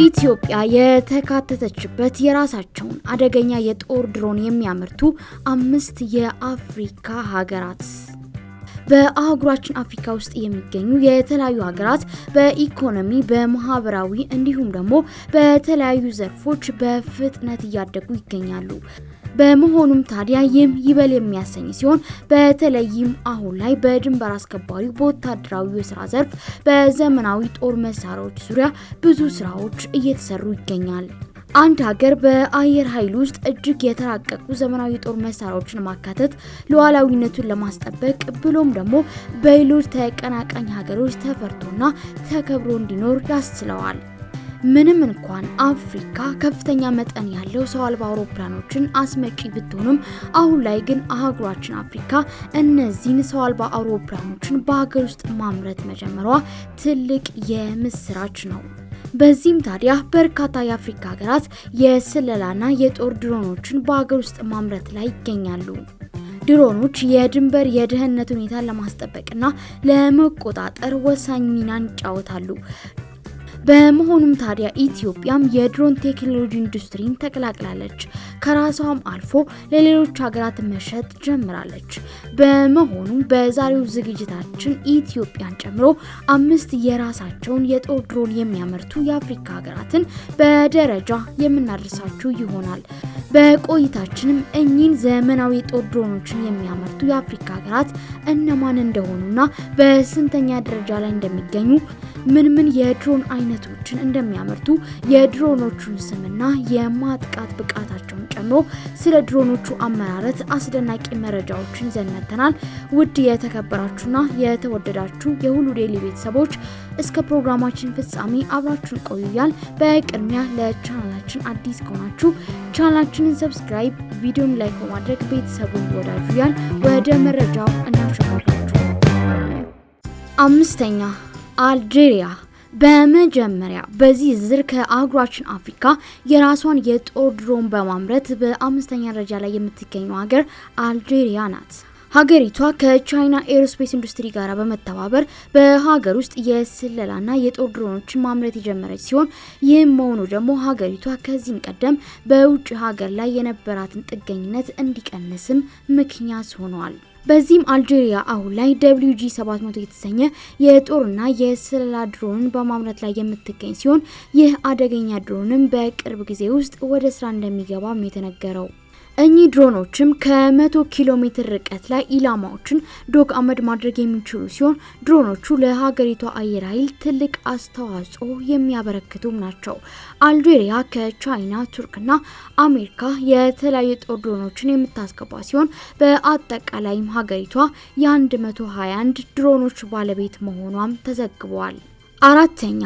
ኢትዮጵያ የተካተተችበት የራሳቸውን አደገኛ የጦር ድሮን የሚያመርቱ አምስት የአፍሪካ ሀገራት በአህጉራችን አፍሪካ ውስጥ የሚገኙ የተለያዩ ሀገራት በኢኮኖሚ በማህበራዊ እንዲሁም ደግሞ በተለያዩ ዘርፎች በፍጥነት እያደጉ ይገኛሉ። በመሆኑም ታዲያ ይህም ይበል የሚያሰኝ ሲሆን በተለይም አሁን ላይ በድንበር አስከባሪው በወታደራዊ የስራ ዘርፍ በዘመናዊ ጦር መሳሪያዎች ዙሪያ ብዙ ስራዎች እየተሰሩ ይገኛል። አንድ ሀገር በአየር ኃይል ውስጥ እጅግ የተራቀቁ ዘመናዊ ጦር መሳሪያዎችን ማካተት ሉዓላዊነቱን ለማስጠበቅ ብሎም ደግሞ በሌሎች ተቀናቃኝ ሀገሮች ተፈርቶና ተከብሮ እንዲኖር ያስችለዋል። ምንም እንኳን አፍሪካ ከፍተኛ መጠን ያለው ሰው አልባ አውሮፕላኖችን አስመጪ ብትሆንም አሁን ላይ ግን አህጉራችን አፍሪካ እነዚህን ሰው አልባ አውሮፕላኖችን በሀገር ውስጥ ማምረት መጀመሯ ትልቅ የምስራች ነው። በዚህም ታዲያ በርካታ የአፍሪካ ሀገራት የስለላና የጦር ድሮኖችን በሀገር ውስጥ ማምረት ላይ ይገኛሉ። ድሮኖች የድንበር የደህንነት ሁኔታን ለማስጠበቅና ለመቆጣጠር ወሳኝ ሚናን ይጫወታሉ። በመሆኑም ታዲያ ኢትዮጵያም የድሮን ቴክኖሎጂ ኢንዱስትሪን ተቀላቅላለች። ከራሷም አልፎ ለሌሎች ሀገራት መሸጥ ጀምራለች። በመሆኑም በዛሬው ዝግጅታችን ኢትዮጵያን ጨምሮ አምስት የራሳቸውን የጦር ድሮን የሚያመርቱ የአፍሪካ ሀገራትን በደረጃ የምናደርሳችሁ ይሆናል። በቆይታችንም እኚህን ዘመናዊ የጦር ድሮኖችን የሚያመርቱ የአፍሪካ ሀገራት እነማን እንደሆኑና በስንተኛ ደረጃ ላይ እንደሚገኙ ምን ምን የድሮን አይነቶችን እንደሚያመርቱ የድሮኖቹን ስምና የማጥቃት ብቃታቸውን ጨምሮ ስለ ድሮኖቹ አመራረት አስደናቂ መረጃዎችን ዘነተናል። ውድ የተከበራችሁና የተወደዳችሁ የሁሉ ዴይሊ ቤተሰቦች እስከ ፕሮግራማችን ፍጻሜ አብራችሁን ቆዩያል። በቅድሚያ ለቻናላችን አዲስ ከሆናችሁ ቻናላችንን ሰብስክራይብ፣ ቪዲዮን ላይክ በማድረግ ቤተሰቡን ይወዳጁያል። ወደ መረጃው እናሸጋግራችሁ። አምስተኛ አልጄሪያ በመጀመሪያ በዚህ ዝር ከአህጉራችን አፍሪካ የራሷን የጦር ድሮን በማምረት በአምስተኛ ደረጃ ላይ የምትገኘው ሀገር አልጄሪያ ናት። ሀገሪቷ ከቻይና ኤሮስፔስ ኢንዱስትሪ ጋር በመተባበር በሀገር ውስጥ የስለላና የጦር ድሮኖችን ማምረት የጀመረች ሲሆን ይህም መሆኑ ደግሞ ሀገሪቷ ከዚህም ቀደም በውጭ ሀገር ላይ የነበራትን ጥገኝነት እንዲቀንስም ምክንያት ሆኗል። በዚህም አልጄሪያ አሁን ላይ ደብሊው ጂ 700 የተሰኘ የጦርና የስለላ ድሮን በማምረት ላይ የምትገኝ ሲሆን ይህ አደገኛ ድሮንም በቅርብ ጊዜ ውስጥ ወደ ስራ እንደሚገባም የተነገረው እኚህ ድሮኖችም ከ100 ኪሎ ሜትር ርቀት ላይ ኢላማዎችን ዶግ አመድ ማድረግ የሚችሉ ሲሆን ድሮኖቹ ለሀገሪቷ አየር ኃይል ትልቅ አስተዋጽኦ የሚያበረክቱም ናቸው። አልጄሪያ ከቻይና፣ ቱርክና አሜሪካ የተለያዩ ጦር ድሮኖችን የምታስገባ ሲሆን በአጠቃላይም ሀገሪቷ የ121 ድሮኖች ባለቤት መሆኗም ተዘግቧል። አራተኛ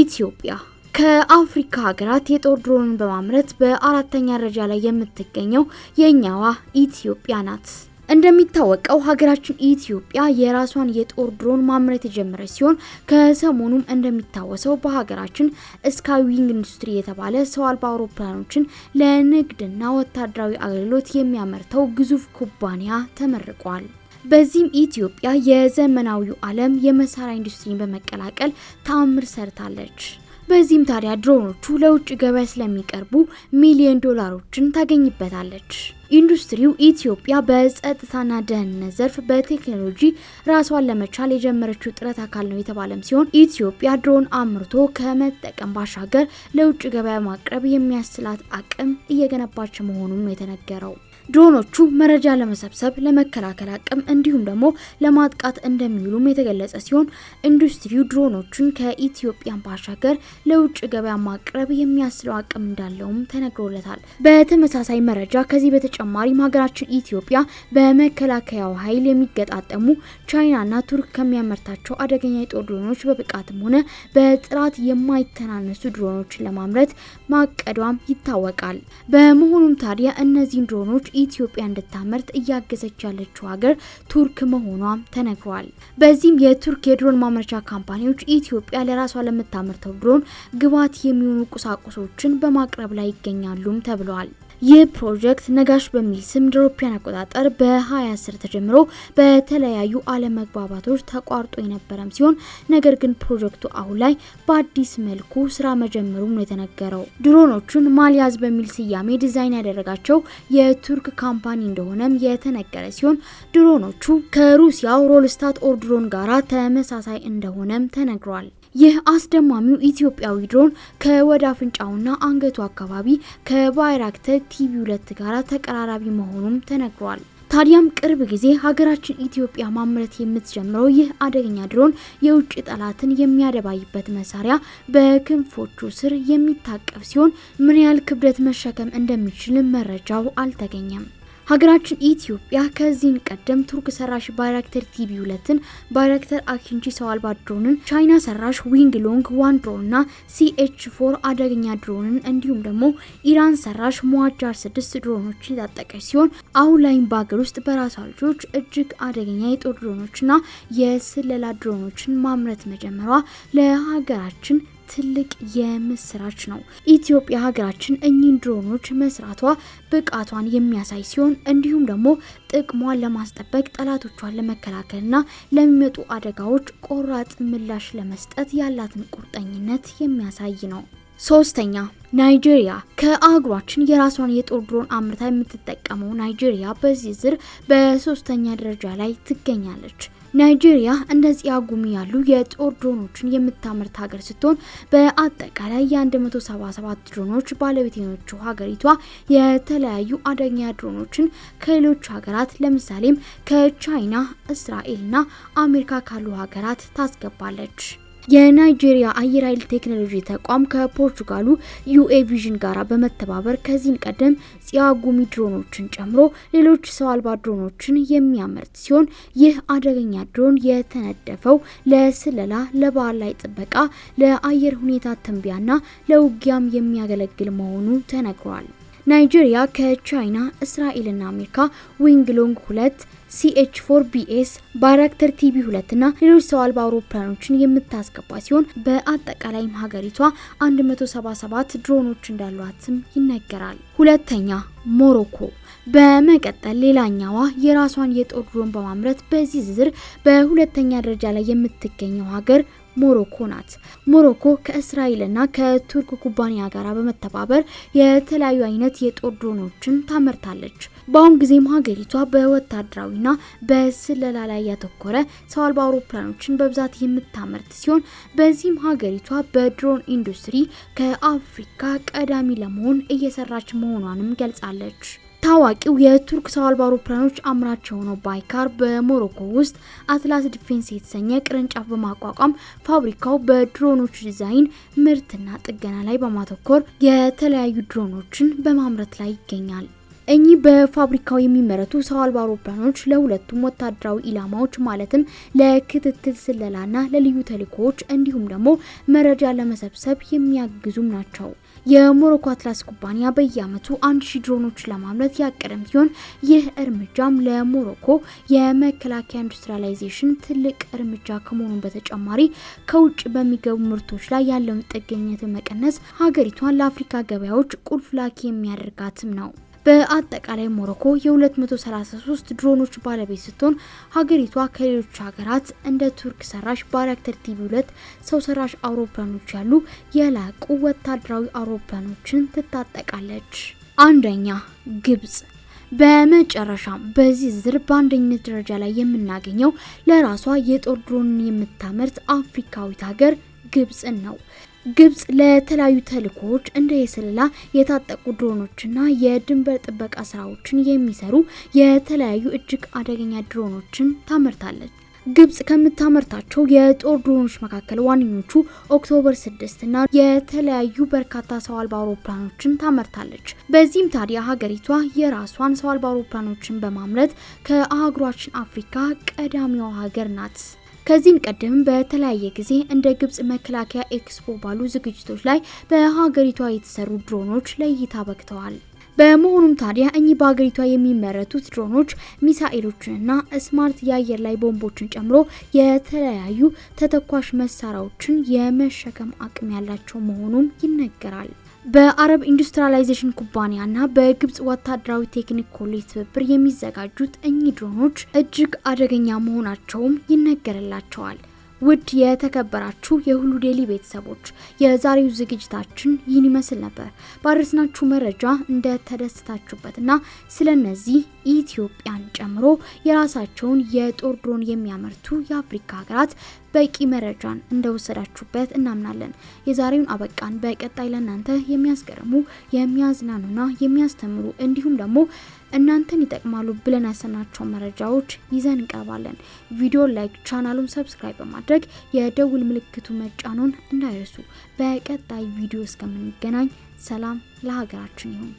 ኢትዮጵያ ከአፍሪካ ሀገራት የጦር ድሮንን በማምረት በአራተኛ ደረጃ ላይ የምትገኘው የእኛዋ ኢትዮጵያ ናት። እንደሚታወቀው ሀገራችን ኢትዮጵያ የራሷን የጦር ድሮን ማምረት የጀመረች ሲሆን ከሰሞኑም እንደሚታወሰው በሀገራችን ስካይ ዊንግ ኢንዱስትሪ የተባለ ሰው አልባ አውሮፕላኖችን ለንግድና ወታደራዊ አገልግሎት የሚያመርተው ግዙፍ ኩባንያ ተመርቋል። በዚህም ኢትዮጵያ የዘመናዊው ዓለም የመሳሪያ ኢንዱስትሪን በመቀላቀል ተአምር ሰርታለች። በዚህም ታዲያ ድሮኖቹ ለውጭ ገበያ ስለሚቀርቡ ሚሊዮን ዶላሮችን ታገኝበታለች። ኢንዱስትሪው ኢትዮጵያ በጸጥታና ደህንነት ዘርፍ በቴክኖሎጂ ራሷን ለመቻል የጀመረችው ጥረት አካል ነው የተባለም ሲሆን ኢትዮጵያ ድሮን አምርቶ ከመጠቀም ባሻገር ለውጭ ገበያ ማቅረብ የሚያስችላት አቅም እየገነባች መሆኑም የተነገረው። ድሮኖቹ መረጃ ለመሰብሰብ፣ ለመከላከል አቅም እንዲሁም ደግሞ ለማጥቃት እንደሚውሉም የተገለጸ ሲሆን ኢንዱስትሪው ድሮኖቹን ከኢትዮጵያን ባሻገር ለውጭ ገበያ ማቅረብ የሚያስለው አቅም እንዳለውም ተነግሮለታል። በተመሳሳይ መረጃ ከዚህ በተጨማሪም ሀገራችን ኢትዮጵያ በመከላከያው ኃይል የሚገጣጠሙ ቻይናና ቱርክ ከሚያመርታቸው አደገኛ የጦር ድሮኖች በብቃትም ሆነ በጥራት የማይተናነሱ ድሮኖችን ለማምረት ማቀዷም ይታወቃል። በመሆኑም ታዲያ እነዚህን ድሮኖች ኢትዮጵያ እንድታመርት እያገዘች ያለችው ሀገር ቱርክ መሆኗም ተነግሯል። በዚህም የቱርክ የድሮን ማምረቻ ካምፓኒዎች ኢትዮጵያ ለራሷ ለምታመርተው ድሮን ግብዓት የሚሆኑ ቁሳቁሶችን በማቅረብ ላይ ይገኛሉም ተብሏል። ይህ ፕሮጀክት ነጋሽ በሚል ስም እንደ አውሮፓውያን አቆጣጠር በ2010 ተጀምሮ በተለያዩ አለመግባባቶች ተቋርጦ የነበረም ሲሆን ነገር ግን ፕሮጀክቱ አሁን ላይ በአዲስ መልኩ ስራ መጀመሩም ነው የተነገረው። ድሮኖቹን ማሊያዝ በሚል ስያሜ ዲዛይን ያደረጋቸው የቱርክ ካምፓኒ እንደሆነም የተነገረ ሲሆን ድሮኖቹ ከሩሲያው ሮልስታት ኦርድሮን ጋራ ተመሳሳይ እንደሆነም ተነግሯል። ይህ አስደማሚው ኢትዮጵያዊ ድሮን ከወደ አፍንጫውና አንገቱ አካባቢ ከባይራክተር ቲቪ ሁለት ጋር ተቀራራቢ መሆኑም ተነግሯል። ታዲያም ቅርብ ጊዜ ሀገራችን ኢትዮጵያ ማምረት የምትጀምረው ይህ አደገኛ ድሮን የውጭ ጠላትን የሚያደባይበት መሳሪያ በክንፎቹ ስር የሚታቀፍ ሲሆን ምን ያህል ክብደት መሸከም እንደሚችል መረጃው አልተገኘም። ሀገራችን ኢትዮጵያ ከዚህም ቀደም ቱርክ ሰራሽ ባይራክተር ቲቪ ሁለትን ባይራክተር አኪንቺ ሰው አልባ ድሮንን፣ ቻይና ሰራሽ ዊንግ ሎንግ ዋን ድሮንና ሲኤች ፎር አደገኛ ድሮንን እንዲሁም ደግሞ ኢራን ሰራሽ ሞዋጃር ስድስት ድሮኖችን የታጠቀች ሲሆን አሁን ላይም በሀገር ውስጥ በራሷ ልጆች እጅግ አደገኛ የጦር ድሮኖችና የስለላ ድሮኖችን ማምረት መጀመሯ ለሀገራችን ትልቅ የምስራች ነው። ኢትዮጵያ ሀገራችን እኚህን ድሮኖች መስራቷ ብቃቷን የሚያሳይ ሲሆን እንዲሁም ደግሞ ጥቅሟን ለማስጠበቅ ጠላቶቿን ለመከላከልና ለሚመጡ አደጋዎች ቆራጥ ምላሽ ለመስጠት ያላትን ቁርጠኝነት የሚያሳይ ነው። ሶስተኛ ናይጄሪያ ከአህጉራችን የራሷን የጦር ድሮን አምርታ የምትጠቀመው ናይጄሪያ በዚህ ዝር በሶስተኛ ደረጃ ላይ ትገኛለች። ናይጄሪያ እንደ ፂያጉሚ ያሉ የጦር ድሮኖችን የምታመርት ሀገር ስትሆን በአጠቃላይ የ177 ድሮኖች ባለቤት የሆነችው ሀገሪቷ የተለያዩ አደገኛ ድሮኖችን ከሌሎች ሀገራት ለምሳሌም ከቻይና፣ እስራኤልና አሜሪካ ካሉ ሀገራት ታስገባለች። የናይጄሪያ አየር ኃይል ቴክኖሎጂ ተቋም ከፖርቹጋሉ ዩኤ ቪዥን ጋር በመተባበር ከዚህ ቀደም ፂያጉሚ ድሮኖችን ጨምሮ ሌሎች ሰው አልባ ድሮኖችን የሚያመርት ሲሆን ይህ አደገኛ ድሮን የተነደፈው ለስለላ፣ ለበዓል ላይ ጥበቃ፣ ለአየር ሁኔታ ትንቢያና ለውጊያም የሚያገለግል መሆኑ ተነግሯል። ናይጄሪያ ከቻይና፣ እስራኤልና አሜሪካ ዊንግሎንግ ሁለት ሲኤች ፎር ቢኤስ ባይራክተር ቲቢ ሁለት እና ሌሎች ሰው አልባ አውሮፕላኖችን የምታስገባ ሲሆን በአጠቃላይም ሀገሪቷ 177 ድሮኖች እንዳሏትም ይነገራል። ሁለተኛ ሞሮኮ በመቀጠል ሌላኛዋ የራሷን የጦር ድሮን በማምረት በዚህ ዝርዝር በሁለተኛ ደረጃ ላይ የምትገኘው ሀገር ሞሮኮ ናት። ሞሮኮ ከእስራኤልና ከቱርክ ኩባንያ ጋር በመተባበር የተለያዩ አይነት የጦር ድሮኖችን ታመርታለች። በአሁኑ ጊዜም ሀገሪቷ በወታደራዊና በስለላ ላይ ያተኮረ ሰው አልባ አውሮፕላኖችን በብዛት የምታመርት ሲሆን በዚህም ሀገሪቷ በድሮን ኢንዱስትሪ ከአፍሪካ ቀዳሚ ለመሆን እየሰራች መሆኗንም ገልጻለች። ታዋቂው የቱርክ ሰው አልባ አውሮፕላኖች አምራች የሆነው ባይካር በሞሮኮ ውስጥ አትላስ ዲፌንስ የተሰኘ ቅርንጫፍ በማቋቋም ፋብሪካው በድሮኖች ዲዛይን ምርትና ጥገና ላይ በማተኮር የተለያዩ ድሮኖችን በማምረት ላይ ይገኛል። እኚህ በፋብሪካው የሚመረቱ ሰው አልባ አውሮፕላኖች ለሁለቱም ወታደራዊ ኢላማዎች ማለትም ለክትትል ስለላና ለልዩ ተልእኮዎች እንዲሁም ደግሞ መረጃ ለመሰብሰብ የሚያግዙም ናቸው። የሞሮኮ አትላስ ኩባንያ በየዓመቱ አንድ ሺ ድሮኖች ለማምረት ያቀደም ሲሆን ይህ እርምጃም ለሞሮኮ የመከላከያ ኢንዱስትሪያላይዜሽን ትልቅ እርምጃ ከመሆኑን በተጨማሪ ከውጭ በሚገቡ ምርቶች ላይ ያለውን ጥገኝነት መቀነስ ሀገሪቷን ለአፍሪካ ገበያዎች ቁልፍ ላኪ የሚያደርጋትም ነው። በአጠቃላይ ሞሮኮ የ233 ድሮኖች ባለቤት ስትሆን ሀገሪቷ ከሌሎች ሀገራት እንደ ቱርክ ሰራሽ ቲቪ ሁለት ሰው ሰራሽ አውሮፕላኖች ያሉ የላቁ ወታደራዊ አውሮፕላኖችን ትታጠቃለች። አንደኛ ግብጽ። በመጨረሻም በዚህ ዝር በአንደኝነት ደረጃ ላይ የምናገኘው ለራሷ የጦር ድሮንን የምታመርት አፍሪካዊት ሀገር ግብጽን ነው። ግብጽ ለተለያዩ ተልእኮዎች እንደ የስለላ የታጠቁ ድሮኖችና የድንበር ጥበቃ ስራዎችን የሚሰሩ የተለያዩ እጅግ አደገኛ ድሮኖችን ታመርታለች። ግብጽ ከምታመርታቸው የጦር ድሮኖች መካከል ዋነኞቹ ኦክቶበር ስድስት እና የተለያዩ በርካታ ሰው አልባ አውሮፕላኖችን ታመርታለች። በዚህም ታዲያ ሀገሪቷ የራሷን ሰው አልባ አውሮፕላኖችን በማምረት ከአህጉራችን አፍሪካ ቀዳሚዋ ሀገር ናት ከዚህም ቀደም በተለያየ ጊዜ እንደ ግብጽ መከላከያ ኤክስፖ ባሉ ዝግጅቶች ላይ በሀገሪቷ የተሰሩ ድሮኖች ለእይታ በቅተዋል። በመሆኑም ታዲያ እኚህ በሀገሪቷ የሚመረቱት ድሮኖች ሚሳኤሎችንና ስማርት የአየር ላይ ቦምቦችን ጨምሮ የተለያዩ ተተኳሽ መሳሪያዎችን የመሸከም አቅም ያላቸው መሆኑም ይነገራል። በአረብ ኢንዱስትሪላይዜሽን ኩባንያና በግብጽ ወታደራዊ ቴክኒክ ኮሌጅ ትብብር የሚዘጋጁት እኚህ ድሮኖች እጅግ አደገኛ መሆናቸውም ይነገርላቸዋል። ውድ የተከበራችሁ የሁሉ ዴሊ ቤተሰቦች የዛሬው ዝግጅታችን ይህን ይመስል ነበር። ባደረስናችሁ መረጃ እንደተደሰታችሁበትና ስለ እነዚህ ኢትዮጵያን ጨምሮ የራሳቸውን የጦር ድሮን የሚያመርቱ የአፍሪካ ሀገራት በቂ መረጃን እንደወሰዳችሁበት እናምናለን። የዛሬውን አበቃን። በቀጣይ ለእናንተ የሚያስገርሙ የሚያዝናኑና የሚያስተምሩ እንዲሁም ደግሞ እናንተን ይጠቅማሉ ብለን ያሰናቸው መረጃዎች ይዘን እንቀርባለን። ቪዲዮ ላይክ፣ ቻናሉን ሰብስክራይብ በማድረግ የደውል ምልክቱ መጫኑን እንዳይረሱ። በቀጣይ ቪዲዮ እስከምንገናኝ ሰላም ለሀገራችን ይሁን።